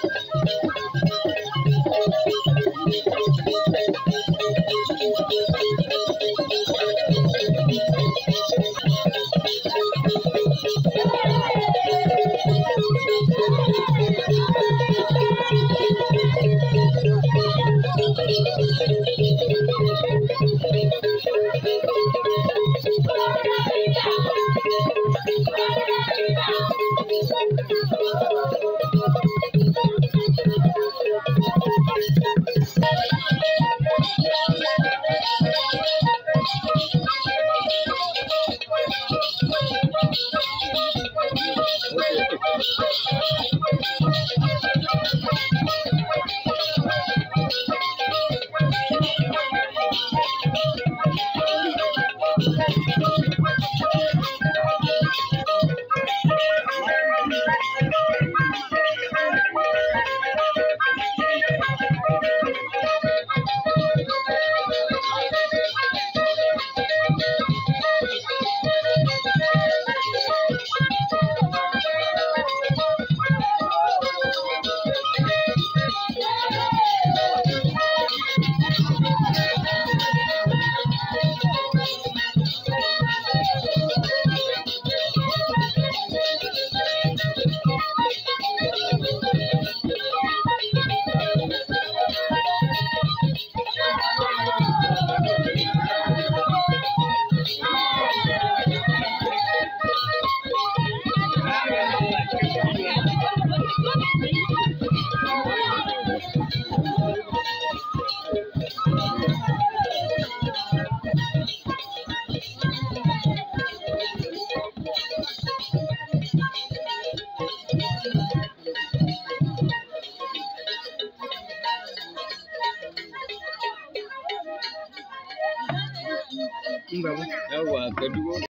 Thank you. Yawa, ka dubo.